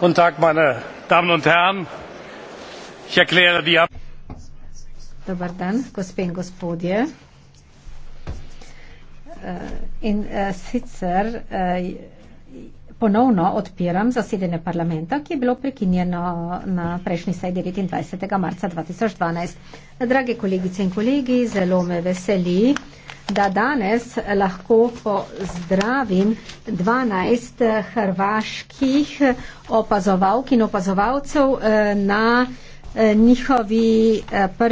guten tag meine damen und herren ich erkläre die ab Dobar dan, gospe in gospodje. Eh, in eh, sicer eh, ponovno odpiram zasedene parlamenta, ki je bilo prekinjeno na prejšnji sej 29. marca 2012. Drage kolegice in kolegi, zelo me veseli, da danes lahko pozdravim 12 hrvaških opazovalk in opazovalcev eh, na eh, njihovi eh, prvi.